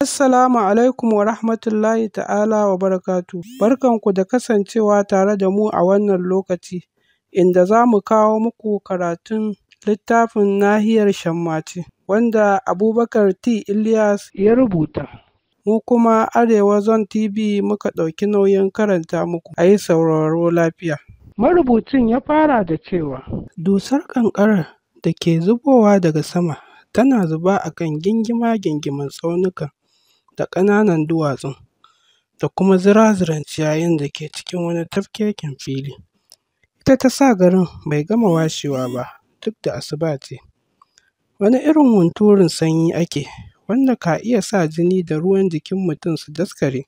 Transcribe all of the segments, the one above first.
Assalamu alaikum wa rahmatullahi ta'ala wa barakatu. Barkanku da kasancewa tare da mu a wannan lokaci, inda za mu kawo muku karatun littafin Nahiyar Shammaci, wanda Abubakar T. Ilyas ya rubuta. Mu kuma Arewa Zon TV muka ɗauki nauyin karanta muku, a yi sauraro lafiya. Marubucin ya fara da cewa, Dusar ƙanƙarar da ke zubowa daga sama tana zuba a kan gingima gingiman tsaunukan da ƙananan duwatsun da kuma zira-ziran ciyayin da ke cikin wani tafkeken fili. Ita ta sa garin bai gama washewa ba duk da asuba ce. Wani irin hunturun sanyi ake wanda ka iya sa jini da ruwan jikin mutum su daskare.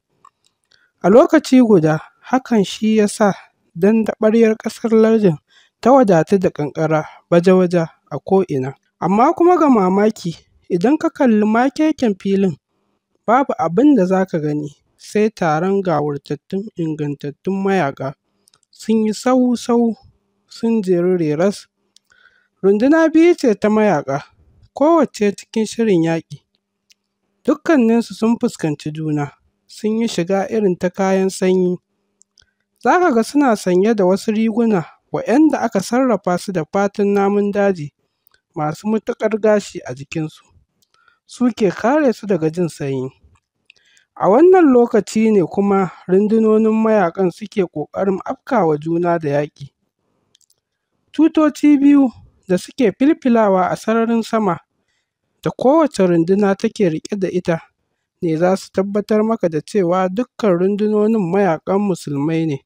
A lokaci guda hakan shi ya sa dandaɓaryar ƙasar lardin ta wadatu da ƙanƙara waje-waje a ko'ina. Amma kuma ga mamaki idan ka kalli makeken filin babu abin da za ka gani sai taron gawurtattun ingantattun mayaƙa sun yi sau-sau sun jeru reras runduna biyu ce ta mayaƙa kowace cikin shirin yaƙi dukkaninsu sun fuskanci juna sun yi shiga irin ta kayan sanyi za ka ga suna sanye da wasu riguna wayanda aka sarrafa su da fatan namun daji masu matuƙar gashi a jikinsu su ke kare su daga jin sanyi A wannan lokaci ne kuma rundunonin mayaƙan suke ƙoƙarin afkawa juna da yaƙi. Tutoci biyu da suke filfilawa a sararin sama da kowace runduna take riƙe da ita ne za su tabbatar maka da cewa dukkan rundunonin mayaƙan Musulmai ne,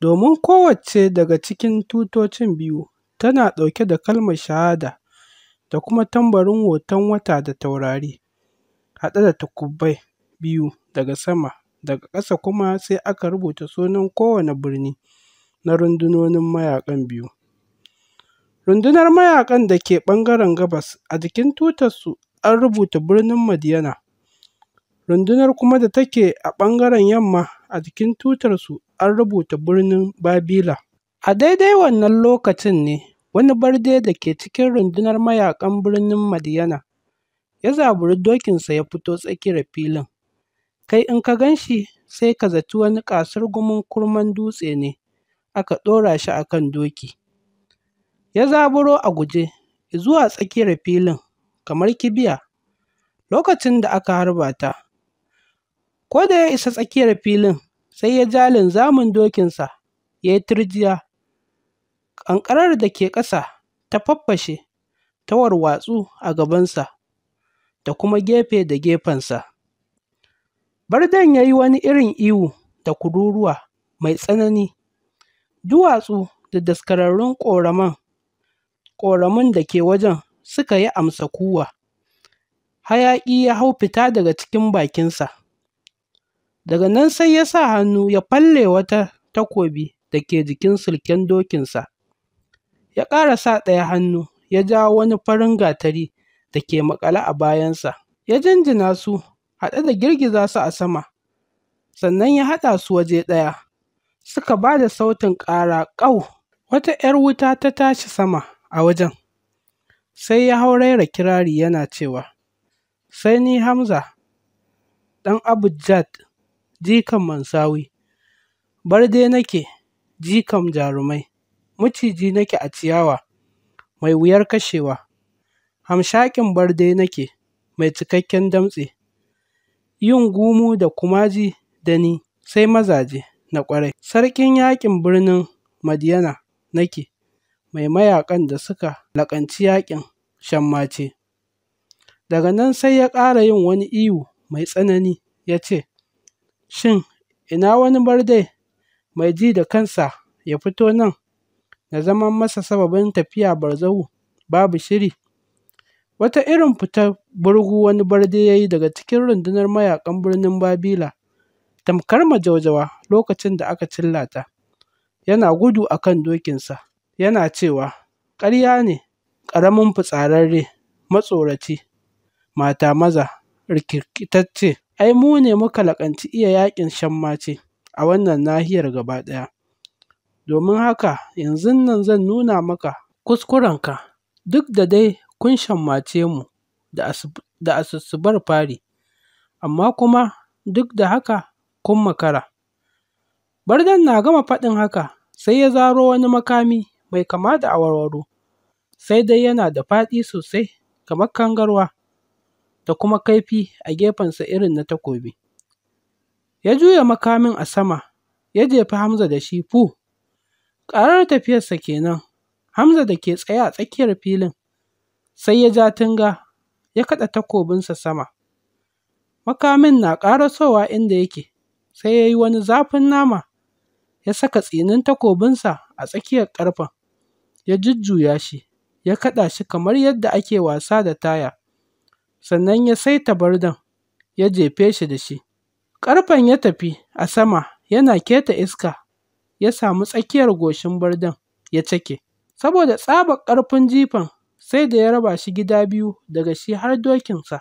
domin kowace daga cikin tutocin biyu tana ɗauke da kalmar shahada da kuma tambarin hoton wata da taurari, haɗe da takubbai. biyu daga sama, daga ƙasa kuma sai aka rubuta sunan kowane birni na rundunonin mayaƙan biyu. Rundunar mayaƙan da ke ɓangaren gabas a jikin tutarsu an rubuta birnin Madiyana, rundunar kuma da take a ɓangaren yamma a jikin tutarsu an rubuta birnin Babila. A daidai wannan lokacin ne wani barde da ke cikin rundunar mayaƙan birnin Madiyana ya zaburi dokinsa ya fito tsakiyar filin. kai in ka gan shi sai ka zaci wani ƙasar gumin kurman dutse ne aka ɗora shi a kan doki ya zaburo a guje zuwa tsakiyar filin kamar kibiya lokacin da aka harba ta ko da ya isa tsakiyar filin sai ya ja linzamin dokinsa ya yi turjiya ƙanƙarar da ke ƙasa ta faffashe ta warwatsu a gabansa da kuma gefe da gefensa Bardan ya yi wani irin ihu da kururuwa mai tsanani, duwatsu da daskararrun ƙoraman ƙoramin da ke wajen suka yi amsa kuwa. Hayaƙi ya hau fita daga cikin bakinsa. Daga nan sai ya sa hannu ya falle wata takobi da ke jikin sulken dokinsa. Ya ƙara sa ɗaya hannu ya jawo wani farin gatari da ke maƙale a bayansa. Ya jinjina su haɗe da girgiza su a sama, sannan ya haɗa su waje ɗaya. Suka ba da sautin ƙara ƙau, wata ‘yar wuta ta tashi sama a wajen, sai ya hauraira kirari yana cewa, Sai ni Hamza, ɗan Abu Jad, jikan Mansawi, bar dai nake, jikan jarumai, maciji nake a ciyawa, mai wuyar kashewa, hamshakin bar dai nake, mai cikakken damtse. yin gumu da kumaji da ni sai mazaje na ƙwarai. Sarkin yaƙin birnin Madiyana nake mai mayaƙan da suka laƙanci yaƙin shammace. Daga nan sai ya ƙara yin wani ihu mai tsanani ya ce, Shin, ina wani bardai mai ji da kansa ya fito nan, na zaman masa sababin tafiya barzahu babu shiri Wata irin fita burgu wani barde ya yi daga cikin rundunar mayaƙan birnin Babila, tamkar majaujawa lokacin da aka cilla ta, yana gudu a kan dokinsa, yana cewa, ƙarya ne, ƙaramin fitsararre, matsoraci, mata maza, rikirkitacce, ai mu ne muka laƙanci iya yaƙin shammace a wannan nahiyar gaba ɗaya. Domin haka, yanzun nan zan nuna maka kuskurenka, duk da dai kun shammace mu da asussubar fari, amma kuma duk da haka kun makara. Bardan na gama faɗin haka sai ya zaro wani makami mai kama da awarwaro, sai dai yana da faɗi sosai kamar kangarwa da kuma kaifi a gefensa irin na takobi. Ya juya makamin a sama, ya jefa Hamza da shi fu. Ƙarar tafiyarsa kenan, Hamza da ke tsaye a tsakiyar filin sai ya ja tunga, ya kaɗa takobinsa sama. Makamin na ƙarasowa inda yake, sai ya yi wani zafin nama, ya saka tsinin takobinsa a tsakiyar ƙarfen, ya jujjuya shi, ya kaɗa shi kamar yadda ake wasa da taya, sannan ya saita bardan, ya jefe shi da shi. Ƙarfen ya tafi a sama yana keta iska, ya samu tsakiyar goshin bardan, ya cake. Saboda tsabar ƙarfin jifan sai da ya raba shi gida biyu daga shi har dokinsa,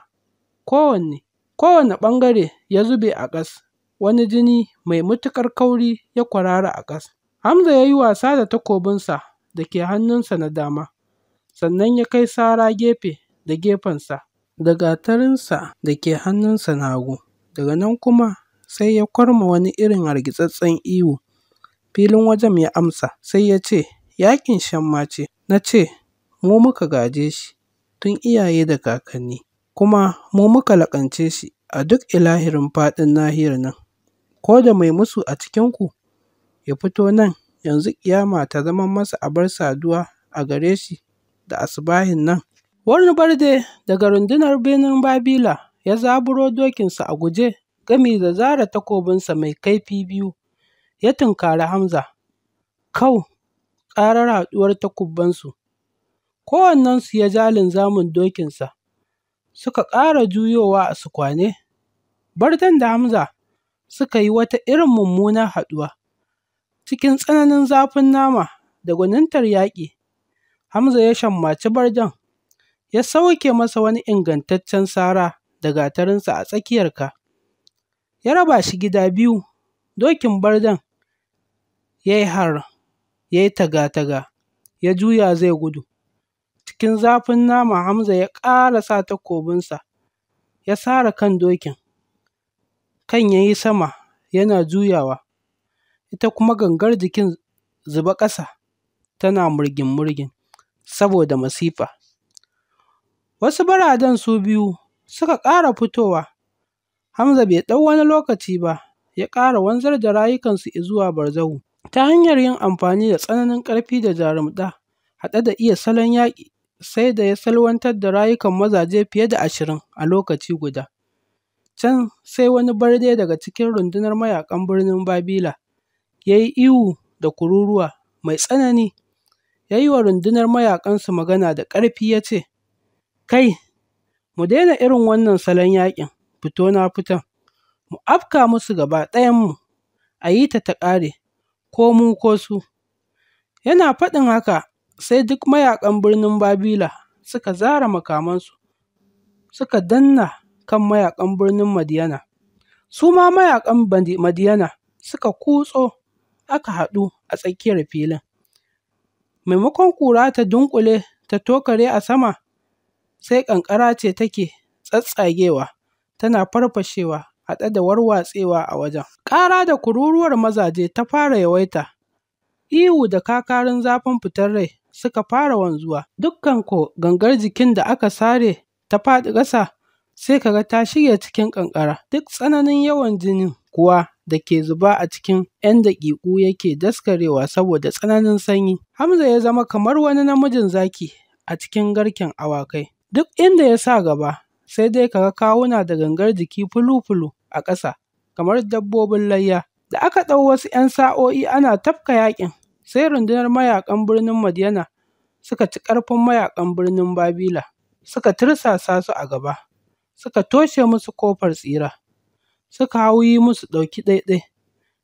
kowanne, kowane ɓangare ya zube a ƙas, wani jini mai matuƙar kauri ya kwarara a ƙas. Hamza ya yi wasa da takobinsa da ke hannunsa na dama, sannan ya kai sara gefe da gefensa, da gatarinsa da ke hannunsa na hagu. Daga nan kuma sai ya kwarma wani irin hargitsattsen ihu. Filin wajen ya amsa, sai ya ce, yaƙin shan mace na ce, mu muka gaje shi tun iyaye da kakanni kuma mu muka laƙance shi a duk ilahirin faɗin nahiyar nan ko da mai musu a cikinku ya fito nan yanzu ƙiyama ta zama masa abar saduwa a gare shi da asibahin nan wani barde daga rundunar birnin babila ya zaburo dokinsa a guje gami da zara takobinsa mai kaifi biyu ya tunkari hamza kau ƙarar haɗuwar takubbansu Kowannensu ya ja linzamin dokinsa, suka ƙara juyowa a sukwane. Bardan da Hamza suka yi wata irin mummunar haɗuwa. Cikin tsananin zafin nama da gwanintar yaƙi, Hamza ya shammaci Bardan, ya sauke masa wani ingantaccen sara da gatarinsa a tsakiyar ka. Ya raba shi gida biyu, dokin Bardan ya yi har, ya yi taga-taga, ya juya zai gudu. cikin zafin nama Hamza ya ƙara sa takobinsa, ya sare kan dokin, kan ya yi sama yana juyawa, ita kuma gangar jikin zuba ƙasa tana murgin-murgin saboda masifa. Wasu baraden su biyu suka ƙara fitowa, Hamza bai ɗau wani lokaci ba, ya ƙara wanzar da rayukansu zuwa barzahu ta hanyar yin amfani da tsananin ƙarfi da jarumta haɗe da iya salon yaƙi sai da ya salwantar da rayukan mazaje fiye da ashirin a lokaci guda. Can sai wani barde daga cikin rundunar mayakan birnin Babila ya yi ihu da kururuwa mai tsanani, ya yi wa rundunar mayakansu magana da ƙarfi ya ce, Kai, mu daina irin wannan salon yaƙin, fito na fitan, mu afka musu gaba ɗayanmu, a yi ta ta ƙare, ko mu ko su. Yana faɗin haka sai duk mayaƙan birnin Babila suka zara makamansu, suka danna kan mayaƙan birnin Madiyana. Su ma mayaƙan Madiyana suka kutso aka haɗu a tsakiyar filin. Maimakon ƙura ta dunƙule ta tokare a sama, sai ƙanƙara ce take tsatsagewa, tana farfashewa haɗe da warwatsewa a wajen. Ƙara da kururuwar mazaje ta fara yawaita, ihu da kakarin zafin fitar rai suka fara wanzuwa. Dukkan ko gangar jikin da aka sare ta faɗi ƙasa sai kaga ta shirya cikin ƙanƙara. Duk tsananin yawan jinin kuwa da ke zuba a cikin 'yan daƙiƙu yake daskarewa saboda tsananin sanyi. Hamza ya zama kamar wani namijin zaki a cikin garken awakai. Duk inda ya sa gaba sai dai kaga kawuna da gangar jiki fulu-fulu a ƙasa kamar dabbobin layya. Da aka ɗau wasu 'yan sa'o'i ana tafka yaƙin sai rundunar mayaƙan birnin Madiyana suka ci ƙarfin mayaƙan birnin Babila, suka tirsasa su a gaba, suka toshe musu ƙofar tsira, suka hau yi musu ɗauki ɗaiɗai,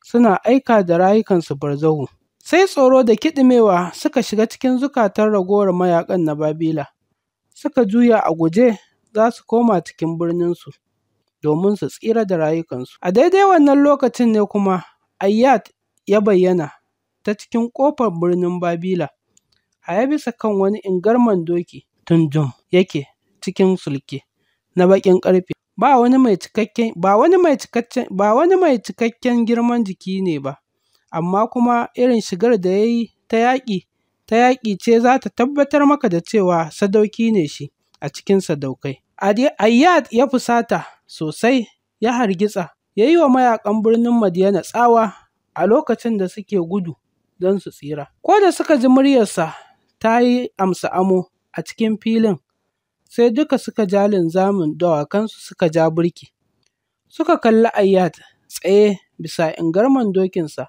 suna aika da rayukansu barzahu. Sai tsoro da kiɗimewa suka shiga cikin zukatan ragowar mayaƙan na Babila, suka juya a guje za su koma cikin birninsu domin su tsira da rayukansu. A daidai wannan lokacin ne kuma Ayyad ya bayyana ta cikin ƙofar birnin Babila, ya bisa kan wani ingarman doki tunjum yake cikin sulke na baƙin ƙarfe. Ba wani mai cikakken ba wani mai cikakken girman jiki ne ba, amma kuma irin shigar da ya yi ta yaƙi ta yaƙi ce za ta tabbatar maka da cewa sadauki ne shi a cikin sadaukai. Ayyad ya fusata sosai ya hargitsa ya yi wa mayaƙan birnin Madiyana tsawa a lokacin da suke gudu don su tsira. Ko da suka ji muryarsa ta yi amsa amo a cikin filin, sai duka suka ja linzamin dawakansu suka ja burki. Suka kalli Ayyat tsaye bisa ingarman dokinsa,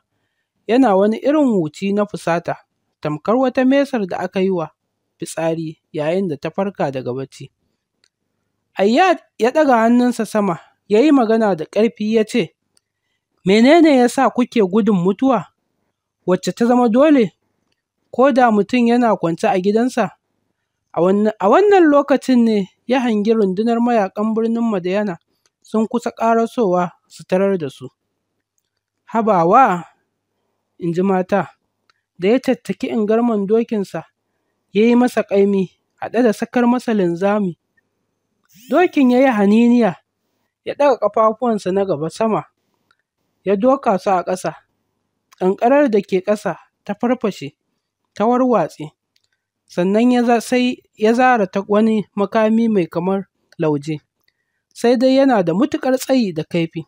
yana wani irin wuci na fusata, tamkar wata mesar da aka yi wa fitsari yayin da ta farka daga bacci. Ayyat ya ɗaga hannunsa sama, ya yi magana da ƙarfi ya ce, Menene ya sa kuke gudun mutuwa? wacce ta zama dole ko da mutum yana kwance a gidansa. A wannan lokacin ne ya hangi rundunar mayaƙan birnin Madayana sun kusa ƙarasowa su tarar da su. Habawa, in ji mata, da ya tattaki ingarman dokinsa, ya yi masa ƙaimi, haɗe da sakar masa linzami. Dokin ya yi haniniya, ya ɗaga ƙafafuwansa na gaba sama, ya doka su a ƙasa. ƙanƙarar da ke ƙasa ta farfashe, ta warwatse, sannan sai ya zara ta wani makami mai kamar lauje, sai dai yana da matuƙar tsayi da kaifi,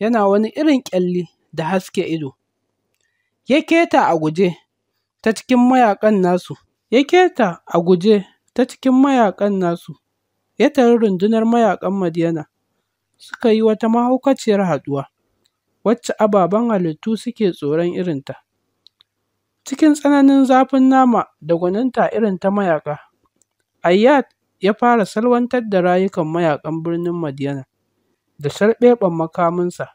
yana wani irin ƙyalli da haske ido. Ya keta a guje ta cikin mayaƙan nasu, ya keta a guje ta cikin mayaƙan nasu, ya tari rundunar mayaƙan Madiyana, suka yi wata mahaukaciyar haɗuwa. wacce ababen halittu suke tsoron irinta, cikin tsananin zafin nama da gwaninta irin ta mayaƙa. Ayyad ya fara salwantar da rayukan mayaƙan birnin Madiyana da sharɓeɓen makaminsa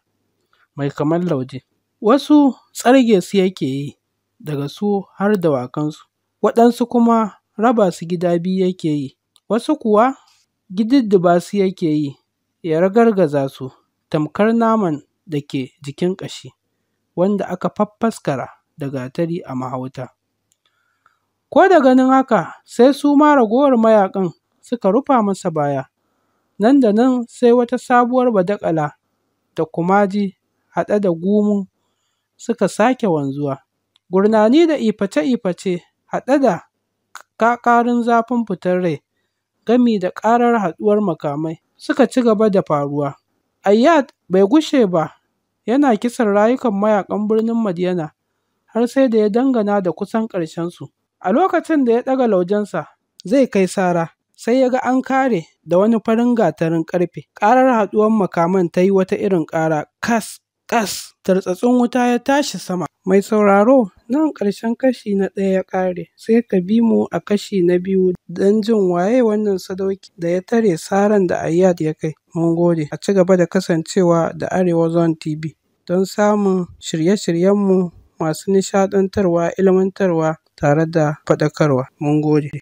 mai kamar lauje. Wasu tsarge su yake yi daga su har dawakansu, waɗansu kuma raba su gida biyu yake yi, wasu kuwa gididdiba su yake yi ya ragargaza su tamkar naman da ke jikin ƙashi wanda aka faffaskara da gatari a mahauta. Ko da ganin haka sai su ma ragowar mayaƙan suka rufa masa baya, nan da nan sai wata sabuwar badaƙala da kumaji haɗe da gumu suka sake wanzuwa. Gurnani da iface-iface haɗe da ƙaƙarin zafin fitar rai gami da ƙarar haɗuwar makamai suka ci gaba da faruwa. Ayyad Bai gushe ba yana kisan rayukan mayakan birnin Madiyana har sai da ya dangana da kusan ƙarshen su. A lokacin da ya ɗaga laujensa zai kai sara, sai ya ga an kare da wani farin gatarin ƙarfe. Ƙarar haɗuwar makaman ta yi wata irin ƙara kas ƙas tartsatsin wuta ya tashi sama. Mai sauraro nan ƙarshen kashi na ɗaya ya ƙare sai ka bi mu a kashi na biyu don jin waye wannan sadauki da ya tare saran da ayyad ya kai. Mun gode a ci gaba da kasancewa da Arewa Zone TV don samun shirye-shiryenmu masu nishaɗantarwa, ilmantarwa tare da faɗakarwa. Mun gode.